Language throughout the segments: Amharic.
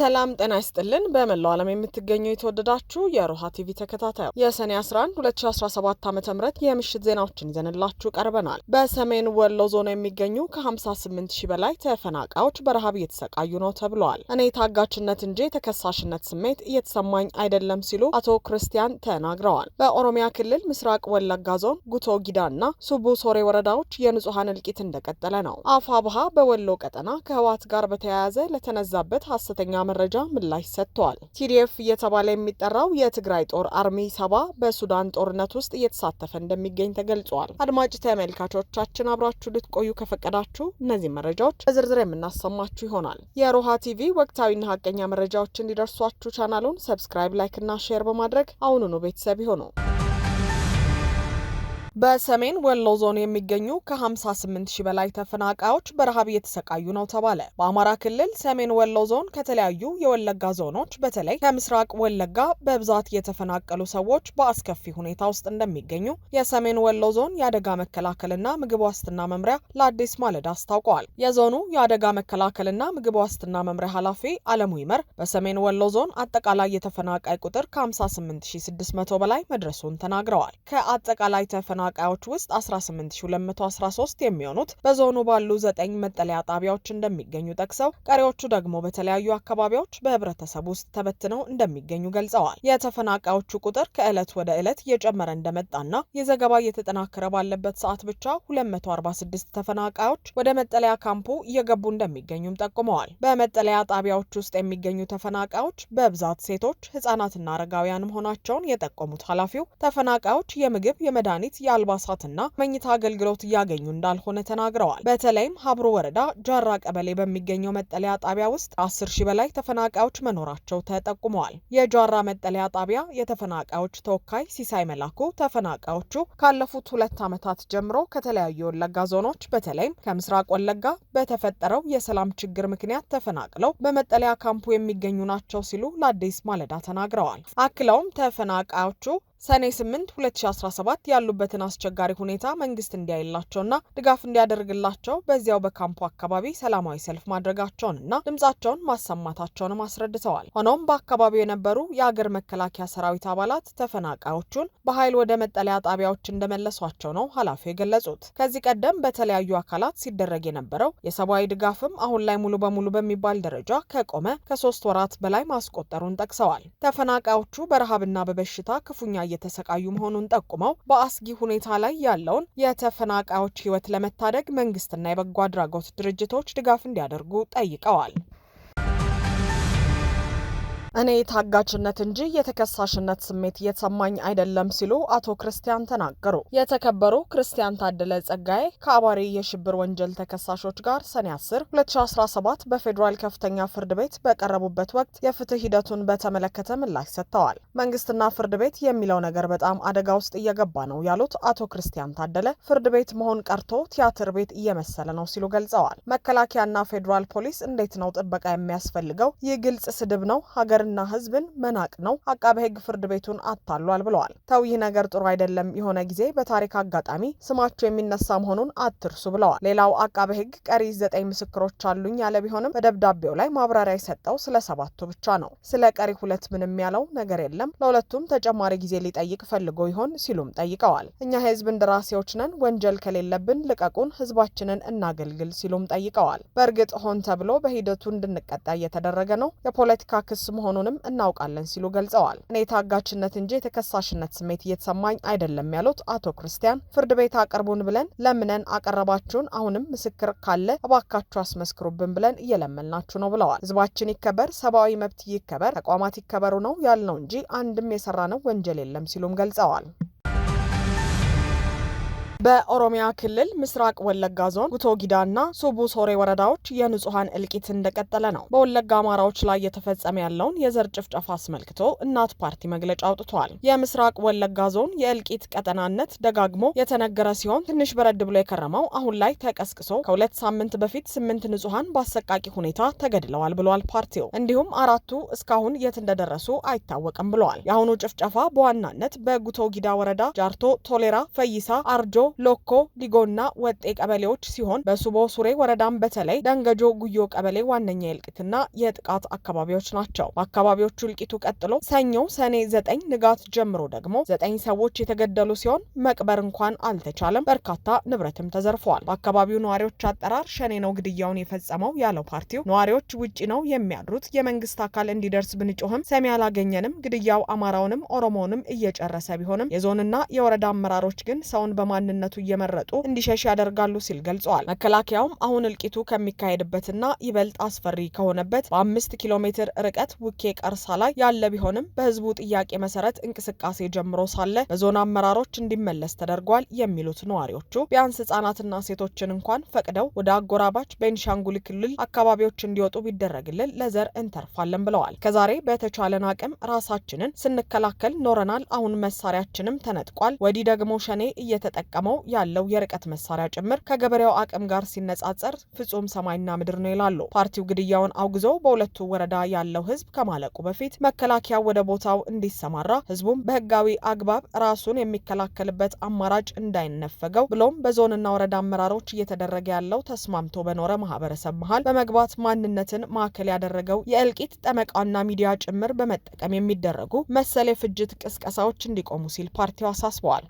ሰላም ጤና ይስጥልን። በመላው ዓለም የምትገኙ የተወደዳችሁ የሮሃ ቲቪ ተከታታዩ የሰኔ 11 2017 ዓ ም የምሽት ዜናዎችን ይዘንላችሁ ቀርበናል። በሰሜን ወሎ ዞን የሚገኙ ከ58 ሺ በላይ ተፈናቃዮች በረሃብ እየተሰቃዩ ነው ተብለዋል። እኔ ታጋችነት እንጂ የተከሳሽነት ስሜት እየተሰማኝ አይደለም ሲሉ አቶ ክርስቲያን ተናግረዋል። በኦሮሚያ ክልል ምስራቅ ወለጋ ዞን ጉቶ ጊዳና ሱቡ ሶሬ ወረዳዎች የንጹሐን እልቂት እንደቀጠለ ነው። አፋብሃ በወሎ ቀጠና ከህወሓት ጋር በተያያዘ ለተነዛበት ሀሰተኛ መረጃ ምላሽ ሰጥተዋል። ቲዲኤፍ እየተባለ የሚጠራው የትግራይ ጦር አርሚ ሰባ በሱዳን ጦርነት ውስጥ እየተሳተፈ እንደሚገኝ ተገልጿል። አድማጭ ተመልካቾቻችን አብራችሁ ልትቆዩ ከፈቀዳችሁ እነዚህ መረጃዎች በዝርዝር የምናሰማችሁ ይሆናል። የሮሃ ቲቪ ወቅታዊና ሀቀኛ መረጃዎች እንዲደርሷችሁ ቻናሉን ሰብስክራይብ፣ ላይክ እና ሼር በማድረግ አሁኑኑ ቤተሰብ ይሆነው። በሰሜን ወሎ ዞን የሚገኙ ከ58 ሺህ በላይ ተፈናቃዮች በረሃብ እየተሰቃዩ ነው ተባለ። በአማራ ክልል ሰሜን ወሎ ዞን ከተለያዩ የወለጋ ዞኖች በተለይ ከምስራቅ ወለጋ በብዛት የተፈናቀሉ ሰዎች በአስከፊ ሁኔታ ውስጥ እንደሚገኙ የሰሜን ወሎ ዞን የአደጋ መከላከልና ምግብ ዋስትና መምሪያ ለአዲስ ማለዳ አስታውቀዋል። የዞኑ የአደጋ መከላከልና ምግብ ዋስትና መምሪያ ኃላፊ አለሙ ይመር በሰሜን ወሎ ዞን አጠቃላይ የተፈናቃይ ቁጥር ከ58600 በላይ መድረሱን ተናግረዋል። ከአጠቃላይ ተፈና ተፈናቃዮች ውስጥ 18213 የሚሆኑት በዞኑ ባሉ ዘጠኝ መጠለያ ጣቢያዎች እንደሚገኙ ጠቅሰው ቀሪዎቹ ደግሞ በተለያዩ አካባቢዎች በህብረተሰብ ውስጥ ተበትነው እንደሚገኙ ገልጸዋል። የተፈናቃዮቹ ቁጥር ከዕለት ወደ ዕለት እየጨመረ እንደመጣና የዘገባ እየተጠናከረ ባለበት ሰዓት ብቻ 246 ተፈናቃዮች ወደ መጠለያ ካምፑ እየገቡ እንደሚገኙም ጠቁመዋል። በመጠለያ ጣቢያዎች ውስጥ የሚገኙ ተፈናቃዮች በብዛት ሴቶች፣ ህጻናትና አረጋውያን መሆናቸውን የጠቆሙት ኃላፊው ተፈናቃዮች የምግብ፣ የመድኃኒት፣ የአልባሳትና መኝታ አገልግሎት እያገኙ እንዳልሆነ ተናግረዋል። በተለይም ሀብሮ ወረዳ ጃራ ቀበሌ በሚገኘው መጠለያ ጣቢያ ውስጥ አስር ሺህ በላይ ተፈናቃዮች መኖራቸው ተጠቁመዋል። የጃራ መጠለያ ጣቢያ የተፈናቃዮች ተወካይ ሲሳይ መላኩ ተፈናቃዮቹ ካለፉት ሁለት ዓመታት ጀምሮ ከተለያዩ የወለጋ ዞኖች በተለይም ከምስራቅ ወለጋ በተፈጠረው የሰላም ችግር ምክንያት ተፈናቅለው በመጠለያ ካምፑ የሚገኙ ናቸው ሲሉ ለአዲስ ማለዳ ተናግረዋል። አክለውም ተፈናቃዮቹ ሰኔ 8 2017 ያሉበትን አስቸጋሪ ሁኔታ መንግስት እንዲያይላቸውና ድጋፍ እንዲያደርግላቸው በዚያው በካምፖ አካባቢ ሰላማዊ ሰልፍ ማድረጋቸውንና ድምጻቸውን ማሰማታቸውንም አስረድተዋል። ሆኖም በአካባቢው የነበሩ የአገር መከላከያ ሰራዊት አባላት ተፈናቃዮቹን በኃይል ወደ መጠለያ ጣቢያዎች እንደመለሷቸው ነው ኃላፊው የገለጹት። ከዚህ ቀደም በተለያዩ አካላት ሲደረግ የነበረው የሰብአዊ ድጋፍም አሁን ላይ ሙሉ በሙሉ በሚባል ደረጃ ከቆመ ከሶስት ወራት በላይ ማስቆጠሩን ጠቅሰዋል። ተፈናቃዮቹ በረሃብና በበሽታ ክፉኛ እየተሰቃዩ መሆኑን ጠቁመው በአስጊ ሁኔታ ላይ ያለውን የተፈናቃዮች ህይወት ለመታደግ መንግስትና የበጎ አድራጎት ድርጅቶች ድጋፍ እንዲያደርጉ ጠይቀዋል። እኔ ታጋችነት እንጂ የተከሳሽነት ስሜት እየተሰማኝ አይደለም ሲሉ አቶ ክርስቲያን ተናገሩ። የተከበሩ ክርስቲያን ታደለ ጸጋዬ ከአባሪ የሽብር ወንጀል ተከሳሾች ጋር ሰኔ 10 2017 በፌዴራል ከፍተኛ ፍርድ ቤት በቀረቡበት ወቅት የፍትህ ሂደቱን በተመለከተ ምላሽ ሰጥተዋል። መንግስትና ፍርድ ቤት የሚለው ነገር በጣም አደጋ ውስጥ እየገባ ነው ያሉት አቶ ክርስቲያን ታደለ ፍርድ ቤት መሆን ቀርቶ ቲያትር ቤት እየመሰለ ነው ሲሉ ገልጸዋል። መከላከያና ፌዴራል ፖሊስ እንዴት ነው ጥበቃ የሚያስፈልገው? ይህ ግልጽ ስድብ ነው። ሀገር ሀገርና ህዝብን መናቅ ነው። አቃቤ ሕግ ፍርድ ቤቱን አታሏል ብለዋል። ተው ይህ ነገር ጥሩ አይደለም። የሆነ ጊዜ በታሪክ አጋጣሚ ስማቸው የሚነሳ መሆኑን አትርሱ ብለዋል። ሌላው አቃቤ ሕግ ቀሪ ዘጠኝ ምስክሮች አሉኝ ያለ ቢሆንም በደብዳቤው ላይ ማብራሪያ የሰጠው ስለ ሰባቱ ብቻ ነው። ስለ ቀሪ ሁለት ምንም ያለው ነገር የለም። ለሁለቱም ተጨማሪ ጊዜ ሊጠይቅ ፈልጎ ይሆን ሲሉም ጠይቀዋል። እኛ የህዝብ እንደራሴዎች ነን። ወንጀል ከሌለብን ልቀቁን፣ ህዝባችንን እናገልግል ሲሉም ጠይቀዋል። በእርግጥ ሆን ተብሎ በሂደቱ እንድንቀጣ እየተደረገ ነው። የፖለቲካ ክስ መሆኑ መሆኑንም እናውቃለን ሲሉ ገልጸዋል። እኔ የታጋችነት እንጂ የተከሳሽነት ስሜት እየተሰማኝ አይደለም ያሉት አቶ ክርስቲያን ፍርድ ቤት አቅርቡን ብለን ለምነን አቀረባችሁን፣ አሁንም ምስክር ካለ እባካችሁ አስመስክሩብን ብለን እየለመናችሁ ነው ብለዋል። ህዝባችን ይከበር፣ ሰብአዊ መብት ይከበር፣ ተቋማት ይከበሩ ነው ያልነው እንጂ አንድም የሰራ ነው ወንጀል የለም ሲሉም ገልጸዋል። በኦሮሚያ ክልል ምስራቅ ወለጋ ዞን ጉቶ ና ሱቡ ሶሬ ወረዳዎች የንጹሐን እልቂት እንደቀጠለ ነው። በወለጋ አማራዎች ላይ የተፈጸመ ያለውን የዘር ጭፍጨፋ አስመልክቶ እናት ፓርቲ መግለጫ አውጥቷል። የምስራቅ ወለጋ ዞን የእልቂት ቀጠናነት ደጋግሞ የተነገረ ሲሆን ትንሽ በረድ ብሎ የከረመው አሁን ላይ ተቀስቅሶ ከሁለት ሳምንት በፊት ስምንት ንጹሐን በአሰቃቂ ሁኔታ ተገድለዋል ብሏል ፓርቲው። እንዲሁም አራቱ እስካሁን የት እንደደረሱ አይታወቅም ብለዋል። የአሁኑ ጭፍጨፋ በዋናነት በጉቶ ጊዳ ወረዳ ጃርቶ ቶሌራ፣ ፈይሳ፣ አርጆ ሎኮ፣ ዲጎና ወጤ ቀበሌዎች ሲሆን በሱቦ ሱሬ ወረዳም በተለይ ደንገጆ ጉዮ ቀበሌ ዋነኛ የእልቂትና የጥቃት አካባቢዎች ናቸው። በአካባቢዎቹ እልቂቱ ቀጥሎ ሰኞ ሰኔ ዘጠኝ ንጋት ጀምሮ ደግሞ ዘጠኝ ሰዎች የተገደሉ ሲሆን መቅበር እንኳን አልተቻለም። በርካታ ንብረትም ተዘርፈዋል። በአካባቢው ነዋሪዎች አጠራር ሸኔ ነው ግድያውን የፈጸመው ያለው ፓርቲው ነዋሪዎች ውጭ ነው የሚያድሩት፣ የመንግስት አካል እንዲደርስ ብንጮህም ሰሚ አላገኘንም። ግድያው አማራውንም ኦሮሞውንም እየጨረሰ ቢሆንም የዞንና የወረዳ አመራሮች ግን ሰውን በማንነት ከማንነቱ እየመረጡ እንዲሸሽ ያደርጋሉ ሲል ገልጸዋል። መከላከያውም አሁን እልቂቱ ከሚካሄድበትና ይበልጥ አስፈሪ ከሆነበት በአምስት ኪሎ ሜትር ርቀት ውኬ ቀርሳ ላይ ያለ ቢሆንም በህዝቡ ጥያቄ መሰረት እንቅስቃሴ ጀምሮ ሳለ በዞን አመራሮች እንዲመለስ ተደርጓል የሚሉት ነዋሪዎቹ ቢያንስ ህጻናትና ሴቶችን እንኳን ፈቅደው ወደ አጎራባች ቤንሻንጉል ክልል አካባቢዎች እንዲወጡ ቢደረግልን ለዘር እንተርፋለን ብለዋል። ከዛሬ በተቻለን አቅም ራሳችንን ስንከላከል ኖረናል። አሁን መሳሪያችንም ተነጥቋል። ወዲህ ደግሞ ሸኔ እየተጠቀመው ያለው የርቀት መሳሪያ ጭምር ከገበሬው አቅም ጋር ሲነጻጸር ፍጹም ሰማይና ምድር ነው ይላሉ። ፓርቲው ግድያውን አውግዘው በሁለቱ ወረዳ ያለው ህዝብ ከማለቁ በፊት መከላከያ ወደ ቦታው እንዲሰማራ፣ ህዝቡም በህጋዊ አግባብ ራሱን የሚከላከልበት አማራጭ እንዳይነፈገው ብሎም በዞንና ወረዳ አመራሮች እየተደረገ ያለው ተስማምቶ በኖረ ማህበረሰብ መሀል በመግባት ማንነትን ማዕከል ያደረገው የእልቂት ጠመቃና ሚዲያ ጭምር በመጠቀም የሚደረጉ መሰል የፍጅት ቅስቀሳዎች እንዲቆሙ ሲል ፓርቲው አሳስበዋል።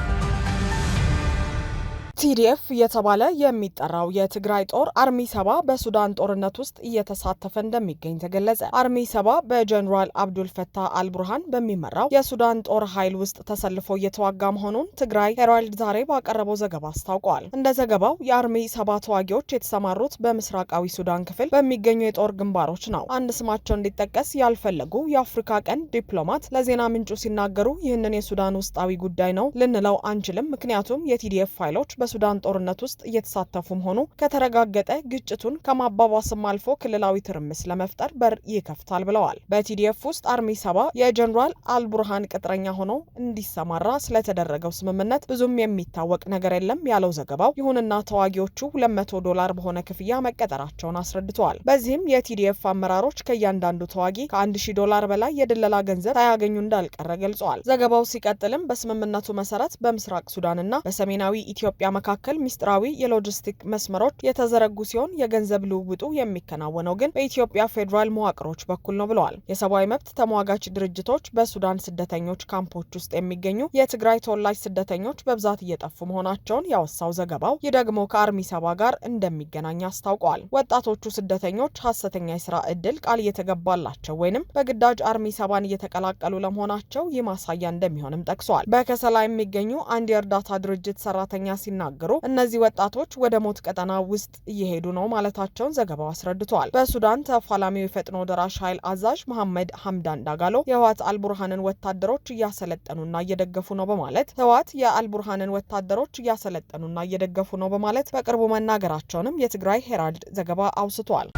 ቲዲኤፍ እየተባለ የሚጠራው የትግራይ ጦር አርሚ ሰባ በሱዳን ጦርነት ውስጥ እየተሳተፈ እንደሚገኝ ተገለጸ። አርሚ ሰባ በጀኔራል አብዱልፈታ አልቡርሃን በሚመራው የሱዳን ጦር ኃይል ውስጥ ተሰልፎ እየተዋጋ መሆኑን ትግራይ ሄራልድ ዛሬ ባቀረበው ዘገባ አስታውቋል። እንደ ዘገባው የአርሚ ሰባ ተዋጊዎች የተሰማሩት በምስራቃዊ ሱዳን ክፍል በሚገኙ የጦር ግንባሮች ነው። አንድ ስማቸው እንዲጠቀስ ያልፈለጉ የአፍሪካ ቀንድ ዲፕሎማት ለዜና ምንጩ ሲናገሩ ይህንን የሱዳን ውስጣዊ ጉዳይ ነው ልንለው አንችልም፣ ምክንያቱም የቲዲኤፍ ኃይሎች በሱዳን ጦርነት ውስጥ እየተሳተፉ መሆኑ ከተረጋገጠ ግጭቱን ከማባባስም አልፎ ክልላዊ ትርምስ ለመፍጠር በር ይከፍታል ብለዋል። በቲዲኤፍ ውስጥ አርሚ ሰባ የጀኔራል አልቡርሃን ቅጥረኛ ሆኖ እንዲሰማራ ስለተደረገው ስምምነት ብዙም የሚታወቅ ነገር የለም ያለው ዘገባው፣ ይሁንና ተዋጊዎቹ 200 ዶላር በሆነ ክፍያ መቀጠራቸውን አስረድተዋል። በዚህም የቲዲኤፍ አመራሮች ከእያንዳንዱ ተዋጊ ከ1000 ዶላር በላይ የድለላ ገንዘብ ሳያገኙ እንዳልቀረ ገልጸዋል። ዘገባው ሲቀጥልም በስምምነቱ መሰረት በምስራቅ ሱዳንና በሰሜናዊ ኢትዮጵያ መካከል ሚስጥራዊ የሎጂስቲክ መስመሮች የተዘረጉ ሲሆን የገንዘብ ልውውጡ የሚከናወነው ግን በኢትዮጵያ ፌዴራል መዋቅሮች በኩል ነው ብለዋል። የሰብአዊ መብት ተሟጋች ድርጅቶች በሱዳን ስደተኞች ካምፖች ውስጥ የሚገኙ የትግራይ ተወላጅ ስደተኞች በብዛት እየጠፉ መሆናቸውን ያወሳው ዘገባው ይህ ደግሞ ከአርሚ ሰባ ጋር እንደሚገናኝ አስታውቋል። ወጣቶቹ ስደተኞች ሀሰተኛ የስራ እድል ቃል እየተገባላቸው ወይንም በግዳጅ አርሚ ሰባን እየተቀላቀሉ ለመሆናቸው ይህ ማሳያ እንደሚሆንም ጠቅሷል። በከሰላ የሚገኙ አንድ የእርዳታ ድርጅት ሰራተኛ ሲናገሩ ሲናገሩ እነዚህ ወጣቶች ወደ ሞት ቀጠና ውስጥ እየሄዱ ነው ማለታቸውን ዘገባው አስረድቷል። በሱዳን ተፋላሚው የፈጥኖ ደራሽ ኃይል አዛዥ መሐመድ ሐምዳን ዳጋሎ የህወሓት አልቡርሃንን ወታደሮች እያሰለጠኑና እየደገፉ ነው በማለት ህወሓት የአልቡርሃንን ወታደሮች እያሰለጠኑና እየደገፉ ነው በማለት በቅርቡ መናገራቸውንም የትግራይ ሄራልድ ዘገባ አውስቷል።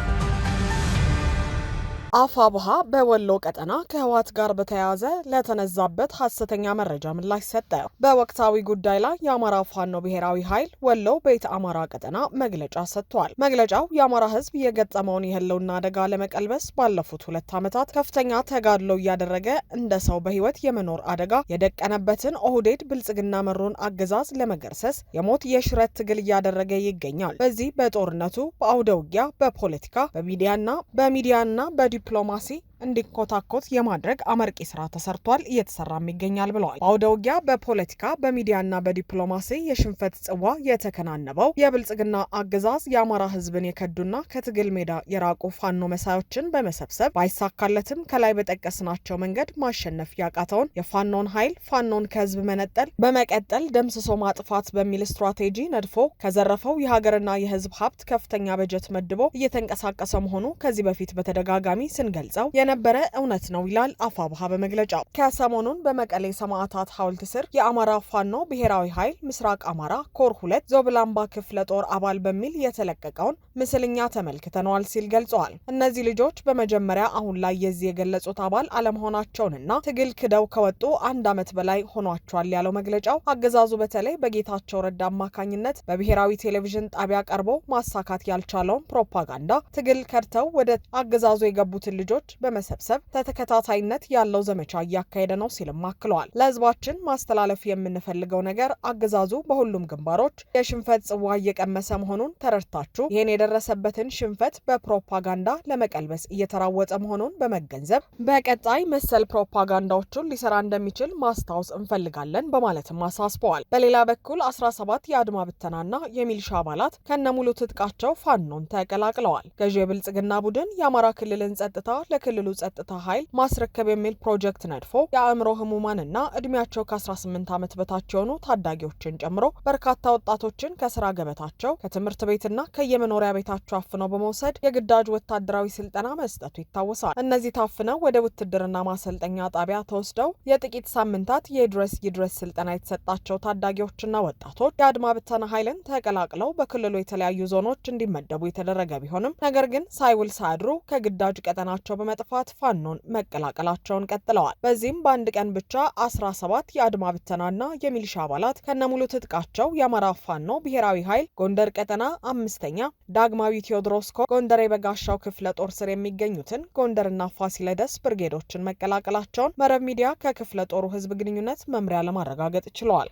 አፋብሃ በወሎ ቀጠና ከህወሓት ጋር በተያያዘ ለተነዛበት ሀሰተኛ መረጃ ምላሽ ሰጠ። በወቅታዊ ጉዳይ ላይ የአማራ ፋኖ ብሔራዊ ኃይል ወሎ ቤተ አማራ ቀጠና መግለጫ ሰጥቷል። መግለጫው የአማራ ህዝብ የገጠመውን የህልውና አደጋ ለመቀልበስ ባለፉት ሁለት ዓመታት ከፍተኛ ተጋድሎ እያደረገ እንደ ሰው በህይወት የመኖር አደጋ የደቀነበትን ኦህዴድ ብልጽግና መሩን አገዛዝ ለመገርሰስ የሞት የሽረት ትግል እያደረገ ይገኛል። በዚህ በጦርነቱ በአውደ ውጊያ በፖለቲካ በሚዲያና በሚዲያና በዲ diplomacy እንዲኮታኮት የማድረግ አመርቂ ስራ ተሰርቷል፣ እየተሰራም ይገኛል ብለዋል። በአውደ ውጊያ በፖለቲካ በሚዲያና በዲፕሎማሲ የሽንፈት ጽዋ የተከናነበው የብልጽግና አገዛዝ የአማራ ህዝብን የከዱና ከትግል ሜዳ የራቁ ፋኖ መሳዮችን በመሰብሰብ ባይሳካለትም ከላይ በጠቀስናቸው መንገድ ማሸነፍ ያቃተውን የፋኖን ኃይል ፋኖን ከህዝብ መነጠል በመቀጠል ደምስሶ ማጥፋት በሚል ስትራቴጂ ነድፎ ከዘረፈው የሀገርና የህዝብ ሀብት ከፍተኛ በጀት መድቦ እየተንቀሳቀሰ መሆኑ ከዚህ በፊት በተደጋጋሚ ስንገልጸው የነ ነበረ እውነት ነው ይላል አፋብሃ በመግለጫው። ከሰሞኑን በመቀሌ ሰማዕታት ሐውልት ስር የአማራ ፋኖ ብሔራዊ ኃይል ምስራቅ አማራ ኮር ሁለት ዞብላምባ ክፍለ ጦር አባል በሚል የተለቀቀውን ምስልኛ ተመልክተነዋል ሲል ገልጸዋል። እነዚህ ልጆች በመጀመሪያ አሁን ላይ የዚህ የገለጹት አባል አለመሆናቸውንና ትግል ክደው ከወጡ አንድ ዓመት በላይ ሆኗቸዋል ያለው መግለጫው አገዛዙ በተለይ በጌታቸው ረዳ አማካኝነት በብሔራዊ ቴሌቪዥን ጣቢያ ቀርቦ ማሳካት ያልቻለውን ፕሮፓጋንዳ ትግል ከድተው ወደ አገዛዙ የገቡትን ልጆች በመ በመሰብሰብ ተተከታታይነት ያለው ዘመቻ እያካሄደ ነው ሲልም አክለዋል። ለህዝባችን ማስተላለፍ የምንፈልገው ነገር አገዛዙ በሁሉም ግንባሮች የሽንፈት ጽዋ እየቀመሰ መሆኑን ተረድታችሁ ይህን የደረሰበትን ሽንፈት በፕሮፓጋንዳ ለመቀልበስ እየተራወጠ መሆኑን በመገንዘብ በቀጣይ መሰል ፕሮፓጋንዳዎቹን ሊሰራ እንደሚችል ማስታወስ እንፈልጋለን በማለትም አሳስበዋል። በሌላ በኩል 17 የአድማ ብተናና የሚልሻ አባላት ከነሙሉ ትጥቃቸው ፋኖን ተቀላቅለዋል። ገዢው የብልጽግና ቡድን የአማራ ክልልን ጸጥታ ለክልሉ ለክልሉ ጸጥታ ኃይል ማስረከብ የሚል ፕሮጀክት ነድፎ የአእምሮ ህሙማንና እድሜያቸው ከ18 ዓመት በታች የሆኑ ታዳጊዎችን ጨምሮ በርካታ ወጣቶችን ከስራ ገበታቸው ከትምህርት ቤትና ከየመኖሪያ ቤታቸው አፍነው በመውሰድ የግዳጅ ወታደራዊ ስልጠና መስጠቱ ይታወሳል። እነዚህ ታፍነው ወደ ውትድርና ማሰልጠኛ ጣቢያ ተወስደው የጥቂት ሳምንታት የድረስ ይድረስ ስልጠና የተሰጣቸው ታዳጊዎችና ወጣቶች የአድማ ብተና ኃይልን ተቀላቅለው በክልሉ የተለያዩ ዞኖች እንዲመደቡ የተደረገ ቢሆንም ነገር ግን ሳይውል ሳያድሩ ከግዳጅ ቀጠናቸው በመጥፋት በስፋት ፋኖን መቀላቀላቸውን ቀጥለዋል። በዚህም በአንድ ቀን ብቻ 17 የአድማ ብተናና የሚሊሻ አባላት ከነሙሉ ትጥቃቸው የአማራ ፋኖ ብሔራዊ ኃይል ጎንደር ቀጠና አምስተኛ ዳግማዊ ቴዎድሮስ ጎንደር የበጋሻው ክፍለ ጦር ስር የሚገኙትን ጎንደርና ፋሲለደስ ብርጌዶችን መቀላቀላቸውን መረብ ሚዲያ ከክፍለ ጦሩ ህዝብ ግንኙነት መምሪያ ለማረጋገጥ ችለዋል።